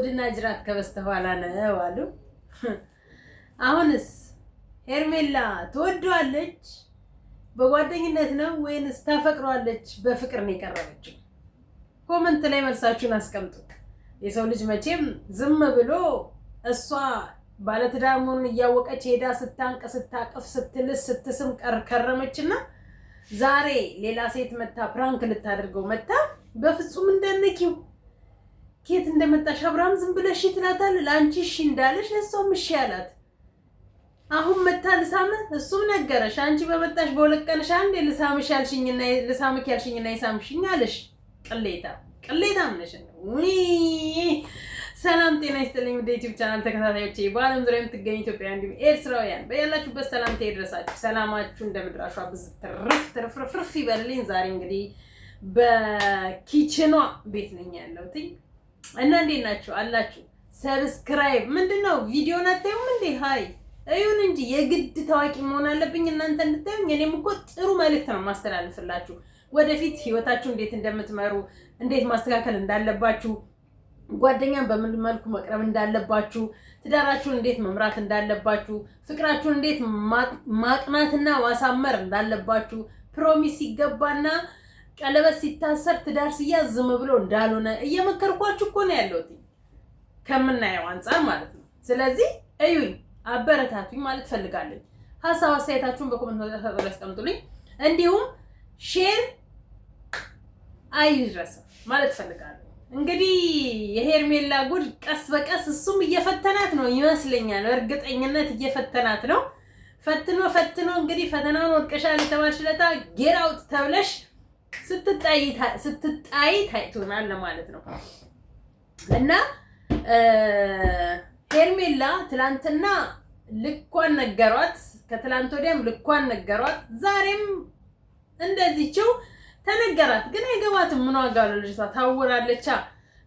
ጉድና ጅራት ከበስተኋላ ነው አሉ። አሁንስ ሄርሜላ ትወደዋለች? በጓደኝነት ነው ወይንስ ታፈቅሯለች? በፍቅር ነው የቀረበችው? ኮመንት ላይ መልሳችሁን አስቀምጡ። የሰው ልጅ መቼም ዝም ብሎ እሷ ባለትዳር መሆኑን እያወቀች ሄዳ ስታንቅ፣ ስታቅፍ፣ ስትልስ፣ ስትስም ከረመች ና ዛሬ ሌላ ሴት መታ ፕራንክ ልታደርገው መታ በፍጹም እንደነኪው ከየት እንደመጣሽ አብርሃም ዝም ብለሽ ትላታል። ለአንቺ እሺ እንዳለሽ ለእሷም እሺ ያላት አሁን መታ ልሳም እሱም ነገረሽ። አንቺ በመጣሽ በሁለት ቀንሽ አንዴ ልሳምሽ ያልሽኝና ልሳምክ ያልሽኝና ይሳምሽኝ አለሽ። ቅሌታ ቅሌታም ነሽ። ሰላም ጤና ይስጥልኝ። ወደ ዩቲዩብ ቻናል ተከታታዮቼ በዓለም ዙሪያ የምትገኙ ኢትዮጵያ እንዲሁም ኤርትራውያን በያላችሁበት ሰላምታ ይድረሳችሁ። ሰላማችሁ እንደምድራሹ አብዝ ትርፍ ትርፍርፍ ይበልልኝ። ዛሬ እንግዲህ በኪችኗ ቤት ነኝ ያለሁት እና እንዴት ናችሁ አላችሁ? ሰብስክራይብ ምንድነው? ቪዲዮን አታዩም እንዴ? ሀይ እዩን እንጂ የግድ ታዋቂ መሆን አለብኝ እናንተ እንድታዩኝ። እኔም እኮ ጥሩ መልእክት ነው ማስተላለፍላችሁ። ወደፊት ህይወታችሁ እንዴት እንደምትመሩ እንዴት ማስተካከል እንዳለባችሁ ጓደኛን በምን መልኩ መቅረብ እንዳለባችሁ፣ ትዳራችሁን እንዴት መምራት እንዳለባችሁ፣ ፍቅራችሁን እንዴት ማቅናትና ማሳመር እንዳለባችሁ ፕሮሚስ ይገባና ቀለበት ሲታሰር ትዳር ሲያዝ ዝም ብሎ እንዳልሆነ እየመከርኳችሁ እኮ ነው ያለሁት ከምናየው አንጻር ማለት ነው። ስለዚህ እዩኝ፣ አበረታቱኝ ማለት ፈልጋለሁ። ሀሳብ አስተያየታችሁን በኮመንት መግለጫ ሰጠ ያስቀምጡልኝ። እንዲሁም ሼር አይድረስ ማለት ፈልጋለሁ። እንግዲህ የሄርሜላ ጉድ ቀስ በቀስ እሱም እየፈተናት ነው ይመስለኛል። እርግጠኝነት እየፈተናት ነው። ፈትኖ ፈትኖ እንግዲህ ፈተናውን ወድቀሻል የተባልሽ ዕለት ጌር ተብለሽ ስትጣይ ታይቶናል ለማለት ነው። እና ሄርሜላ ትላንትና ልኳን ነገሯት፣ ከትላንት ወዲያም ልኳን ነገሯት፣ ዛሬም እንደዚችው ተነገራት። ግን አይገባትም። ምን ዋጋ ነው? ልጅቷ ታውራለቻ።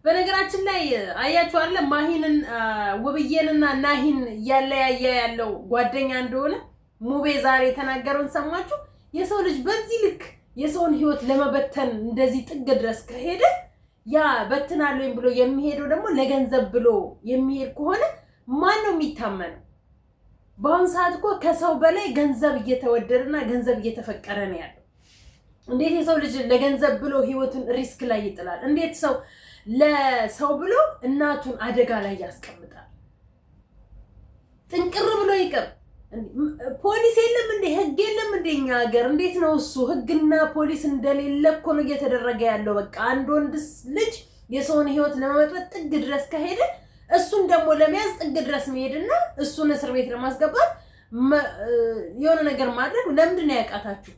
በነገራችን ላይ አያችሁ አለ ማሂንን ውብዬንና ናሂን እያለያየ ያለው ጓደኛ እንደሆነ ሙቤ ዛሬ የተናገረውን ሰማችሁ? የሰው ልጅ በዚህ ልክ የሰውን ህይወት ለመበተን እንደዚህ ጥግ ድረስ ከሄደ ያ በትናለኝ ብሎ የሚሄደው ደግሞ ለገንዘብ ብሎ የሚሄድ ከሆነ ማን ነው የሚታመነው? በአሁኑ ሰዓት እኮ ከሰው በላይ ገንዘብ እየተወደደና ገንዘብ እየተፈቀረ ነው ያለው። እንዴት የሰው ልጅ ለገንዘብ ብሎ ህይወቱን ሪስክ ላይ ይጥላል? እንዴት ሰው ለሰው ብሎ እናቱን አደጋ ላይ ያስቀምጣል? ጥንቅር ህግ የለም እንደኛ ሀገር። እንዴት ነው እሱ? ህግና ፖሊስ እንደሌለ እኮ ነው እየተደረገ ያለው። በቃ አንድ ወንድስ ልጅ የሰውን ህይወት ለመመጥበት ጥግ ድረስ ከሄደ እሱን ደግሞ ለመያዝ ጥግ ድረስ መሄድና እሱን እስር ቤት ለማስገባት የሆነ ነገር ማድረግ ለምንድን ነው ያቃታችሁ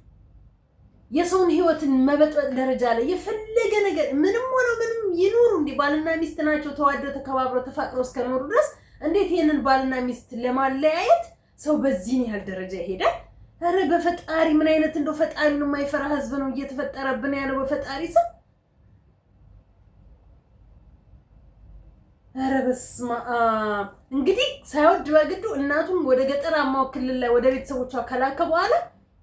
የሰውን ህይወትን መበጥበጥ ደረጃ ላይ የፈለገ ነገር ምንም ሆነ ምንም ይኑሩ እንዲህ ባልና ሚስት ናቸው ተዋደው ተከባብረው ተፋቅረው እስከኖሩ ድረስ እንዴት ይህንን ባልና ሚስት ለማለያየት ሰው በዚህን ያህል ደረጃ ይሄዳል? ኧረ በፈጣሪ ምን አይነት እንደው ፈጣሪን የማይፈራ ህዝብ ነው እየተፈጠረብን ያለው። በፈጣሪ ስም ኧረ በስመ አብ። እንግዲህ ሳይወድ በግዱ እናቱም ወደ ገጠራማው ክልል ላይ ወደ ቤተሰቦቿ ከላከ በኋላ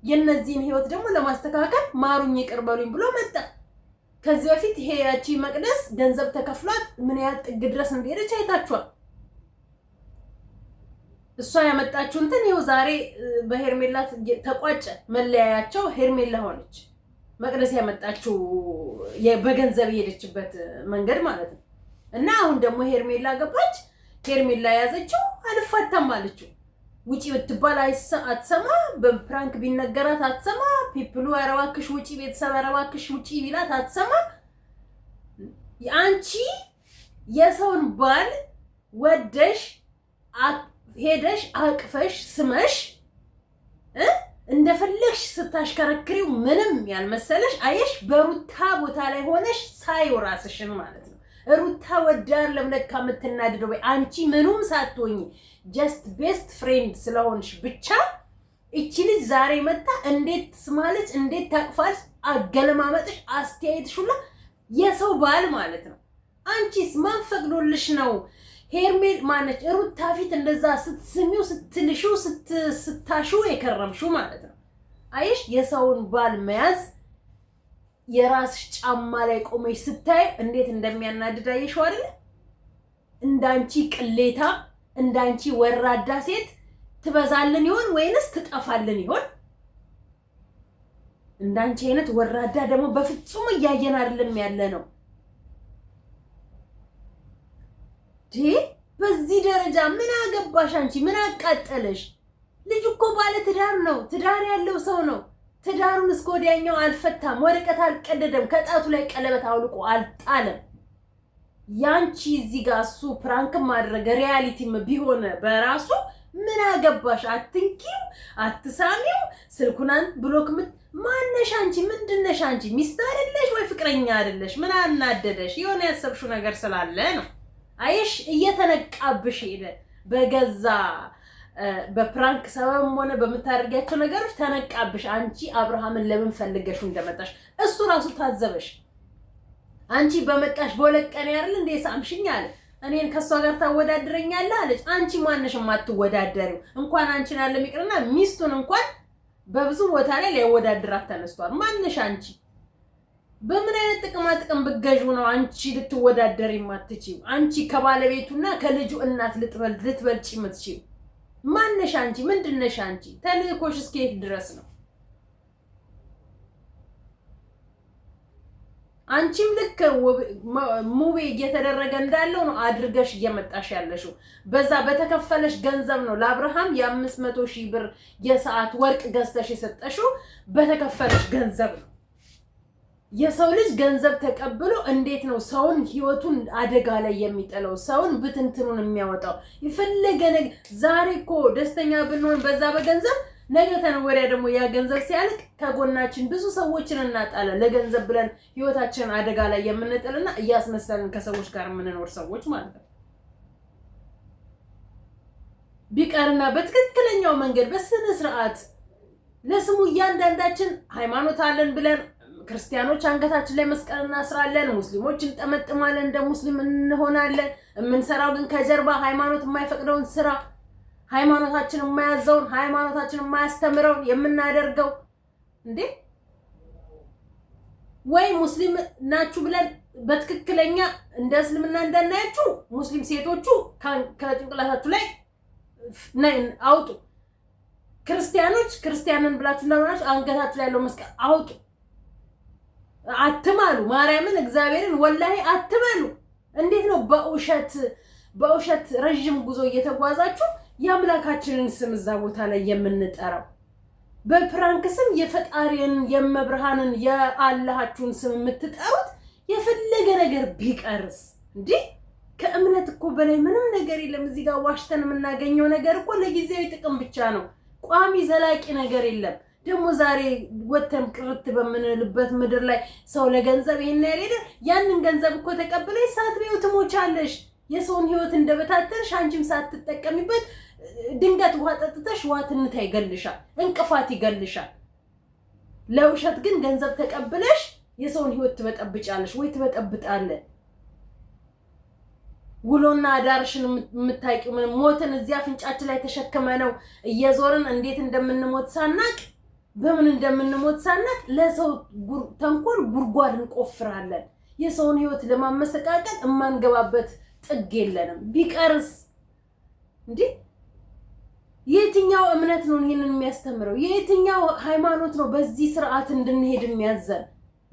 የእነዚህን ህይወት ደግሞ ለማስተካከል ማሩኝ ይቅር በሉኝ ብሎ መጣ። ከዚህ በፊት ይሄ ያቺ መቅደስ ገንዘብ ተከፍሏት ምን ያህል ጥግ ድረስ እንደሄደች አይታችኋል። እሷ ያመጣችው እንትን ይኸው ዛሬ በሄርሜላ ተቋጨ። መለያያቸው ሄርሜላ ሆነች። መቅደስ ያመጣችው በገንዘብ የሄደችበት መንገድ ማለት ነው። እና አሁን ደግሞ ሄርሜላ ገባች። ሄርሜላ የያዘችው አልፋታም አለችው። ውጪ ብትባል አትሰማ፣ በፕራንክ ቢነገራት አትሰማ፣ ፒፕሉ አረባክሽ ውጪ፣ ቤተሰብ አረባክሽ ውጪ ቢላት አትሰማ። አንቺ የሰውን ባል ወደሽ ሄደሽ አቅፈሽ ስመሽ እንደፈለግሽ ስታሽከረክሪው ምንም ያልመሰለሽ አየሽ፣ በሩታ ቦታ ላይ ሆነሽ ሳይው ራስሽን ማለት ነው። ሩታ ወዳር ለምለካ የምትናድደው ወይ አንቺ ምኑም ሳትሆኝ ጀስት ቤስት ፍሬንድ ስለሆንሽ ብቻ እቺ ልጅ ዛሬ መጣ እንዴት ስማለች፣ እንዴት ታቅፋለች፣ አገለማመጥሽ፣ አስተያየትሽ ሁላ የሰው ባል ማለት ነው። አንቺስ ማን ፈቅዶልሽ ነው ሄርሜል ማነች ሩታ ፊት እንደዛ ስትስሚው ስትልሽው ስታሽው የከረምሽው ማለት ነው። አይሽ የሰውን ባል መያዝ የራስሽ ጫማ ላይ ቆመሽ ስታይ እንዴት እንደሚያናድድ አየሽው አይደለ? እንዳንቺ ቅሌታ እንዳንቺ ወራዳ ሴት ትበዛልን ይሆን ወይንስ ትጠፋልን ይሆን? እንዳንቺ አይነት ወራዳ ደግሞ በፍጹም እያየን አይደለም ያለ ነው። በዚህ ደረጃ ምን አገባሽ አንቺ? ምን አቃጠለሽ? ልጅ እኮ ባለ ትዳር ነው፣ ትዳር ያለው ሰው ነው። ትዳሩን እስከ ወዲያኛው አልፈታም፣ ወረቀት አልቀደደም፣ ከጣቱ ላይ ቀለበት አውልቆ አልጣለም። ያንቺ እዚህ ጋር እሱ ፕራንክም አደረገ ሪያሊቲም ቢሆነ በራሱ ምን አገባሽ? አትንኪው፣ አትሳሚው፣ ስልኩናን ብሎክ ምት ማነሽ አንቺ? ምንድነሽ አንቺ? ሚስት አይደለሽ ወይ ፍቅረኛ አይደለሽ? ምን አናደደሽ? የሆነ ያሰብሽው ነገር ስላለ ነው። አይሽ እየተነቃብሽ ሄደ። በገዛ በፕራንክ ሰበብም ሆነ በምታደርጊያቸው ነገሮች ተነቃብሽ። አንቺ አብርሃምን ለምን ፈልገሽው እንደመጣሽ እሱ ራሱ ታዘበሽ። አንቺ በመጣሽ በሁለት ቀን ያርል እንደ ሳምሽኝ አለ። እኔን ከእሷ ጋር ታወዳድረኛለህ አለች። አንቺ ማነሽ የማትወዳደሪው? እንኳን አንቺን ያለ ሚቅርና ሚስቱን እንኳን በብዙ ቦታ ላይ ሊያወዳድራት ተነስቷል። ማነሽ አንቺ? በምን አይነት ጥቅማ ጥቅም ብገዥ ነው አንቺ ልትወዳደር የማትችው? አንቺ ከባለቤቱና ከልጁ እናት ልትበልጭ የምትችው? ማነሽ አንቺ? ምንድነሽ አንቺ? ተልእኮሽ እስከ የት ድረስ ነው? አንቺም ልክ ሙቤ እየተደረገ እንዳለው ነው አድርገሽ እየመጣሽ ያለሽው። በዛ በተከፈለሽ ገንዘብ ነው ለአብርሃም የአምስት መቶ ሺህ ብር የሰዓት ወርቅ ገዝተሽ የሰጠሽው በተከፈለሽ ገንዘብ ነው። የሰው ልጅ ገንዘብ ተቀብሎ እንዴት ነው ሰውን ህይወቱን አደጋ ላይ የሚጥለው? ሰውን ብትንትኑን የሚያወጣው የፈለገ ነ ዛሬ እኮ ደስተኛ ብንሆን በዛ በገንዘብ ነገ ተነወሪያ ደግሞ ያ ገንዘብ ሲያልቅ ከጎናችን ብዙ ሰዎችን እናጣለን። ለገንዘብ ብለን ህይወታችንን አደጋ ላይ የምንጥልና እያስመሰልን ከሰዎች ጋር የምንኖር ሰዎች ማለት ነው። ቢቀርና በትክክለኛው መንገድ በስነ ስርዓት ለስሙ እያንዳንዳችን ሃይማኖት አለን ብለን ክርስቲያኖች አንገታችን ላይ መስቀል እናስራለን፣ ሙስሊሞች እንጠመጥማለን፣ እንደ ሙስሊም እንሆናለን። የምንሰራው ግን ከጀርባ ሃይማኖት የማይፈቅደውን ስራ፣ ሃይማኖታችን የማያዘውን፣ ሃይማኖታችን የማያስተምረውን የምናደርገው እንዴ ወይ ሙስሊም ናችሁ ብለን በትክክለኛ እንደ እስልምና እንዳናያችሁ ሙስሊም ሴቶቹ ከጭንቅላታችሁ ላይ አውጡ። ክርስቲያኖች ክርስቲያንን ብላችሁ እንዳሆናችሁ አንገታችሁ ላይ ያለው መስቀል አውጡ። አትማሉ፣ ማርያምን እግዚአብሔርን ወላሂ አትማሉ። እንዴት ነው በውሸት በውሸት ረዥም ጉዞ እየተጓዛችሁ የአምላካችንን ስም እዛ ቦታ ላይ የምንጠራው? በፕራንክ ስም የፈጣሪን የመብርሃንን የአላሃችሁን ስም የምትጠሩት የፈለገ ነገር ቢቀርስ እንዲህ ከእምነት እኮ በላይ ምንም ነገር የለም። እዚህ ጋር ዋሽተን የምናገኘው ነገር እኮ ለጊዜያዊ ጥቅም ብቻ ነው። ቋሚ ዘላቂ ነገር የለም። ደግሞ ዛሬ ወተን ቅርት በምንልበት ምድር ላይ ሰው ለገንዘብ ይሄን ያልሄደ ያንን ገንዘብ እኮ ተቀብለሽ ሳትበይው ትሞቻለሽ። የሰውን ህይወት እንደበታተንሽ አንቺም ሳትጠቀሚበት ድንገት ውሃ ጠጥተሽ ዋትነት ይገልሻል፣ እንቅፋት ይገልሻል። ለውሸት ግን ገንዘብ ተቀብለሽ የሰውን ህይወት ትበጠብጫለሽ ወይ ትበጠብጣለህ። ውሎና አዳርሽን የምታውቂው ሞትን እዚያ አፍንጫችን ላይ ተሸክመ ነው እየዞርን እንዴት እንደምንሞት ሳናቅ በምን እንደምንሞት ሳናት ለሰው ተንኮል ጉድጓድ እንቆፍራለን። የሰውን ህይወት ለማመሰቃቀል እማንገባበት ጥግ የለንም። ቢቀርስ እንዴ! የትኛው እምነት ነው ይህንን የሚያስተምረው? የትኛው ሃይማኖት ነው በዚህ ስርዓት እንድንሄድ የሚያዘን?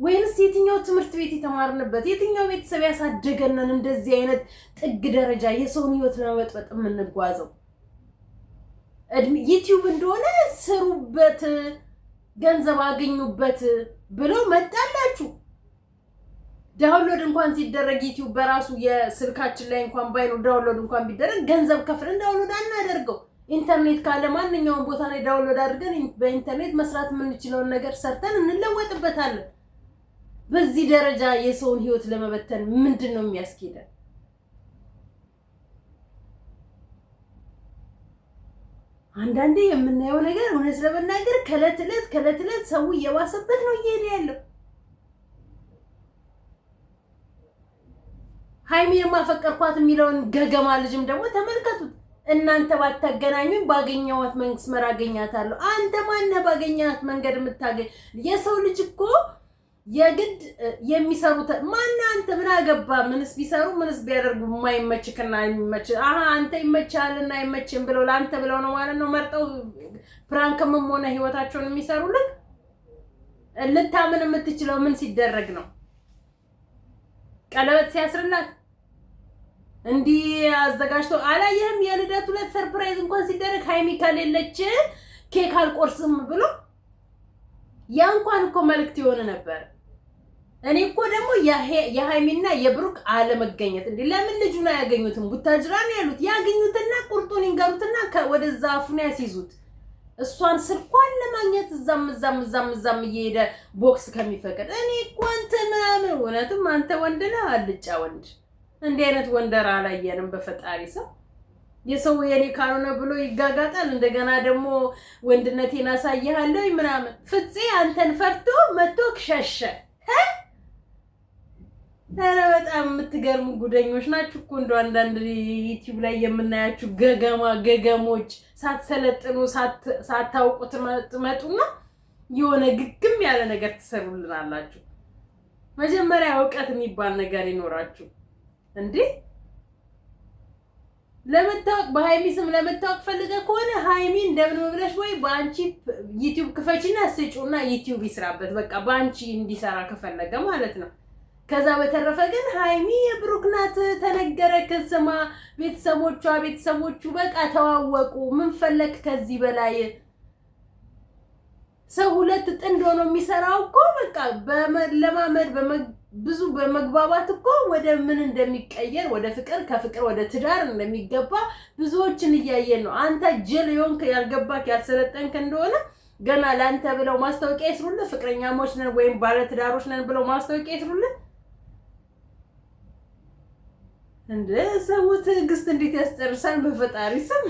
ወይንስ የትኛው ትምህርት ቤት የተማርንበት፣ የትኛው ቤተሰብ ያሳደገንን እንደዚህ አይነት ጥግ ደረጃ የሰውን ህይወት ለመበጥበጥ የምንጓዘው? ዩቲዩብ እንደሆነ ስሩበት። ገንዘብ አገኙበት ብለው መጣላችሁ። ዳውንሎድ እንኳን ሲደረግ ዩቲዩብ በራሱ የስልካችን ላይ እንኳን ባይኖር ዳውንሎድ እንኳን ቢደረግ ገንዘብ ከፍለን ዳውንሎድ አናደርገው። ኢንተርኔት ካለ ማንኛውም ቦታ ላይ ዳውንሎድ አድርገን በኢንተርኔት መስራት የምንችለውን ነገር ሰርተን እንለወጥበታለን። በዚህ ደረጃ የሰውን ህይወት ለመበተን ምንድን ነው የሚያስኬደን? አንዳንዴ የምናየው ነገር እውነት ለመናገር ከእለት እለት ከእለት እለት ሰው እየባሰበት ነው እየሄደ ያለው። ሀይሚ የማፈቀርኳት የሚለውን ገገማ ልጅም ደግሞ ተመልከቱት። እናንተ ባታገናኙኝ ባገኘዋት መንግስት መር አንተ ማነህ ባገኘሃት መንገድ የምታገኝ የሰው ልጅ እኮ የግድ የሚሰሩት ማን አንተ ምን አገባ ምንስ ቢሰሩ ምንስ ቢያደርጉ የማይመችክና የሚመች አሀ አንተ ይመችሃልና አይመችም ብለው ለአንተ ብለው ነው ማለት ነው መርጠው ፕራንክምም ሆነ ህይወታቸውን የሚሰሩልን ልታምን የምትችለው ምን ሲደረግ ነው ቀለበት ሲያስርላት እንዲህ አዘጋጅቶ አላየህም የልደቱ ዕለት ሰርፕራይዝ እንኳን ሲደረግ ሀይሚ ከሌለች ኬክ አልቆርስም ብሎ ያ እንኳን እኮ መልክት የሆነ ነበር እኔ እኮ ደግሞ የሃይሚና የብሩክ አለመገኘት እንዴ! ለምን ልጁን አያገኙትም? ቡታጅራ ነው ያሉት። ያገኙትና ቁርጡን ይንገሩትና ወደዛ አፉን ያስይዙት። እሷን ስልኳን ለማግኘት እዛም እዛም እዛም እዛም እየሄደ ቦክስ ከሚፈቀድ እኔ እኮ እንትን ምናምን። እውነትም አንተ ወንድ ነህ፣ አልጫ ወንድ። እንዲህ አይነት ወንደር አላየንም በፈጣሪ ሰው የሰው የኔ ካልሆነ ብሎ ይጋጋጣል። እንደገና ደግሞ ወንድነቴን አሳይሃለሁ ምናምን። ፍፄ አንተን ፈርቶ መጥቶ ሸሸ። ኧረ በጣም የምትገርሙ ጉደኞች ናችሁ እኮ እንደው አንዳንድ ዩቲዩብ ላይ የምናያችሁ ገገማ ገገሞች ሳትሰለጥኑ ሳታውቁ ትመጡና የሆነ ግግም ያለ ነገር ትሰሩልናላችሁ። መጀመሪያ እውቀት የሚባል ነገር ይኖራችሁ እንዴ? ለመታወቅ በሃይሚ ስም ለመታወቅ ፈልገ ከሆነ ሃይሚ እንደምን ብለሽ ወይ በአንቺ ዩቲዩብ ክፈችና ስጩና ዩቲዩብ ይስራበት። በቃ በአንቺ እንዲሰራ ከፈለገ ማለት ነው። ከዛ በተረፈ ግን ሀይሚ የብሩክናት ተነገረ። ከስማ ቤተሰቦቿ ቤተሰቦቹ በቃ ተዋወቁ። ምን ከዚህ በላይ ሰው ሁለት ጥንድ ሆኖ የሚሰራው እኮ በቃ ለማመድ ብዙ በመግባባት እኮ ወደ ምን እንደሚቀየር ወደ ፍቅር ከፍቅር ወደ ትዳር እንደሚገባ ብዙዎችን እያየን ነው። አንተ ጅል የሆንክ ያልገባክ ያልሰለጠንክ እንደሆነ ገና ለአንተ ብለው ማስታወቂያ ይስሩልህ። ፍቅረኛሞች ነን ወይም ባለትዳሮች ነን ብለው ማስታወቂያ ይስሩልህ። እንደ ሰው ትዕግስት እንዴት ያስጨርሳል? በፈጣሪ ስም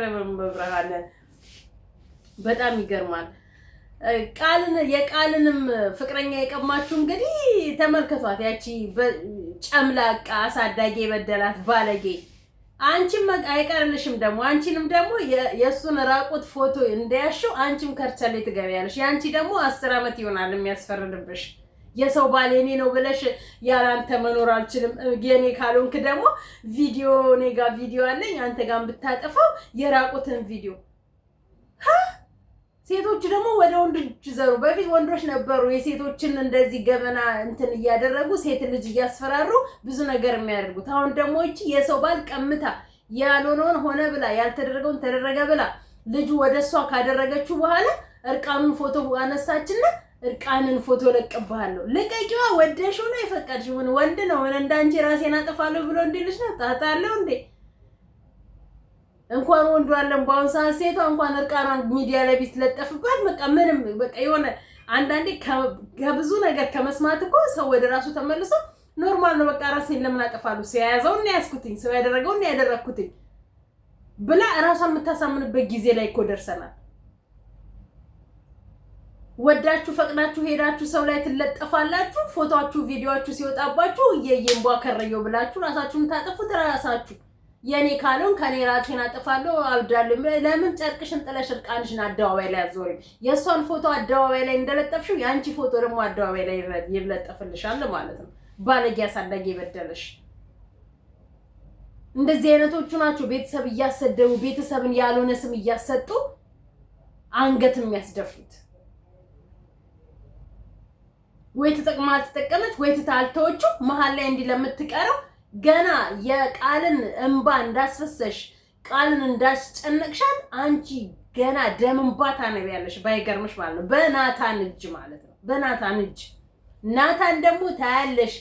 ረበም በብርሃነ በጣም ይገርማል። ቃልን የቃልንም ፍቅረኛ የቀማችሁ እንግዲህ ተመልከቷት። ያቺ ጨምላቃ አሳዳጊ የበደላት ባለጌ አንቺም አይቀርልሽም ደግሞ አንቺንም ደግሞ የእሱን ራቁት ፎቶ እንደያሽው አንቺም ከርቸሌ ትገቢያለሽ። የአንቺ ደግሞ አስር ዓመት ይሆናል የሚያስፈርድብሽ። የሰው ባል የኔ ነው ብለሽ ያላንተ መኖር አልችልም። የኔ ካልሆንክ ደግሞ ቪዲዮ እኔ ቪዲዮ አለኝ አንተ ጋር ብታጠፋው የራቁትን ቪዲዮ ሴቶች ደግሞ ወደ ወንዶች ዘሩ። በፊት ወንዶች ነበሩ የሴቶችን እንደዚህ ገበና እንትን እያደረጉ ሴት ልጅ እያስፈራሩ ብዙ ነገር የሚያደርጉት። አሁን ደግሞ ይቺ የሰው ባል ቀምታ ያልሆነውን ሆነ ብላ ያልተደረገውን ተደረገ ብላ ልጁ ወደ እሷ ካደረገችው በኋላ እርቃኑን ፎቶ አነሳችና እርቃንን ፎቶ ለቅብሃለሁ። ልቀቂዋ። ወደሽው ነው የፈቀድሽውን ወንድ ነው ምን እንዳንቺ ራሴን አጠፋለሁ ብሎ እንዲልሽ ነው ጣጣለሁ እንዴ? እንኳን ወንዱ አለም በአሁን ሰዓት ሴቷ እንኳን እርቃኗን ሚዲያ ላይ ቢትለጠፍባት በቃ ምንም በቃ የሆነ አንዳንዴ ከብዙ ነገር ከመስማት እኮ ሰው ወደ ራሱ ተመልሶ ኖርማል ነው በቃ ራሴን ለምን አጠፋሉ? ሰው የያዘውን ነው ያዝኩትኝ ሰው ያደረገው እና ያደረግኩትኝ ብላ እራሷን የምታሳምንበት ጊዜ ላይ እኮ ደርሰናል። ወዳችሁ ፈቅዳችሁ ሄዳችሁ ሰው ላይ ትለጠፋላችሁ። ፎቶችሁ፣ ቪዲዮችሁ ሲወጣባችሁ እየየን ቧከረየው ብላችሁ ራሳችሁን ታጠፉት። ራሳችሁ የኔ ካልሆን ከኔ ራሴን አጥፋለሁ አብዳለሁ። ለምን ጨርቅሽን ጥለሽ እርቃንሽን አደባባይ ላይ አዞሪም? የእሷን ፎቶ አደባባይ ላይ እንደለጠፍሽው የአንቺ ፎቶ ደግሞ አደባባይ ላይ ይለጠፍልሻል ማለት ነው። ባለጌ አሳዳጊ የበደለሽ እንደዚህ አይነቶቹ ናቸው። ቤተሰብ እያሰደቡ ቤተሰብን ያልሆነ ስም እያሰጡ አንገት የሚያስደፉት ወይ ተጠቅማ አልተጠቀመች ወይ ትታ አልተወችው መሀል ላይ እንዲህ ለምትቀረው ገና የቃልን እንባ እንዳስፈሰሽ ቃልን እንዳስጨነቅሻት አንቺ ገና ደም እንባ ታነቢያለሽ። ባይገርምሽ ማለት ነው በናታን እጅ ማለት ነው በናታን እጅ። ናታን ደግሞ ታያለሽ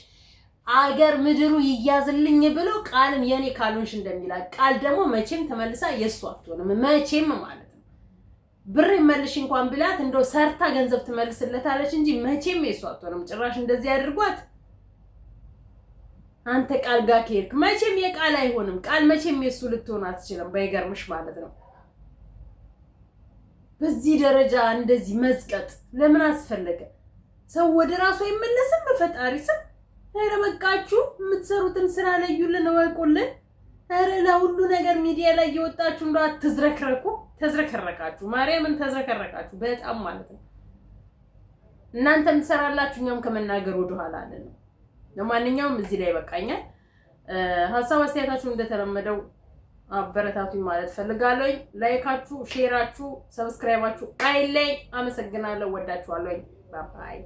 አገር ምድሩ ይያዝልኝ ብሎ ቃልን የኔ ካልሆንሽ እንደሚላት ቃል ደግሞ መቼም ተመልሳ የእሱ አትሆንም መቼም ማለት ነው ብር መልሽ እንኳን ብላት እንደ ሰርታ ገንዘብ ትመልስለታለች እንጂ መቼም የሷ አትሆንም። ጭራሽ እንደዚህ አድርጓት አንተ ቃል ጋር ከሄድክ መቼም የቃል አይሆንም። ቃል መቼም የሱ ልትሆን አትችልም። ባይገርምሽ ማለት ነው። በዚህ ደረጃ እንደዚህ መዝቀጥ ለምን አስፈለገ? ሰው ወደ ራሱ አይመለስም። በፈጣሪ ስም ኧረ በቃችሁ፣ የምትሰሩትን ስራ ለዩልን፣ እወቁልን። ኧረ ለሁሉ ነገር ሚዲያ ላይ እየወጣችሁ እንደ አትዝረክረኩ። ተዝረከረካችሁ ማርያምን ተዝረከረቃችሁ በጣም ማለት ነው። እናንተም ትሰራላችሁ፣ እኛም ከመናገር ወደኋላ አለ ነው። ለማንኛውም እዚህ ላይ ይበቃኛል። ሀሳብ አስተያየታችሁ እንደተለመደው አበረታቱኝ ማለት ፈልጋለሁኝ። ላይካችሁ፣ ሼራችሁ፣ ሰብስክራይባችሁ አይለኝ። አመሰግናለሁ። ወዳችኋለሁኝ። ባይ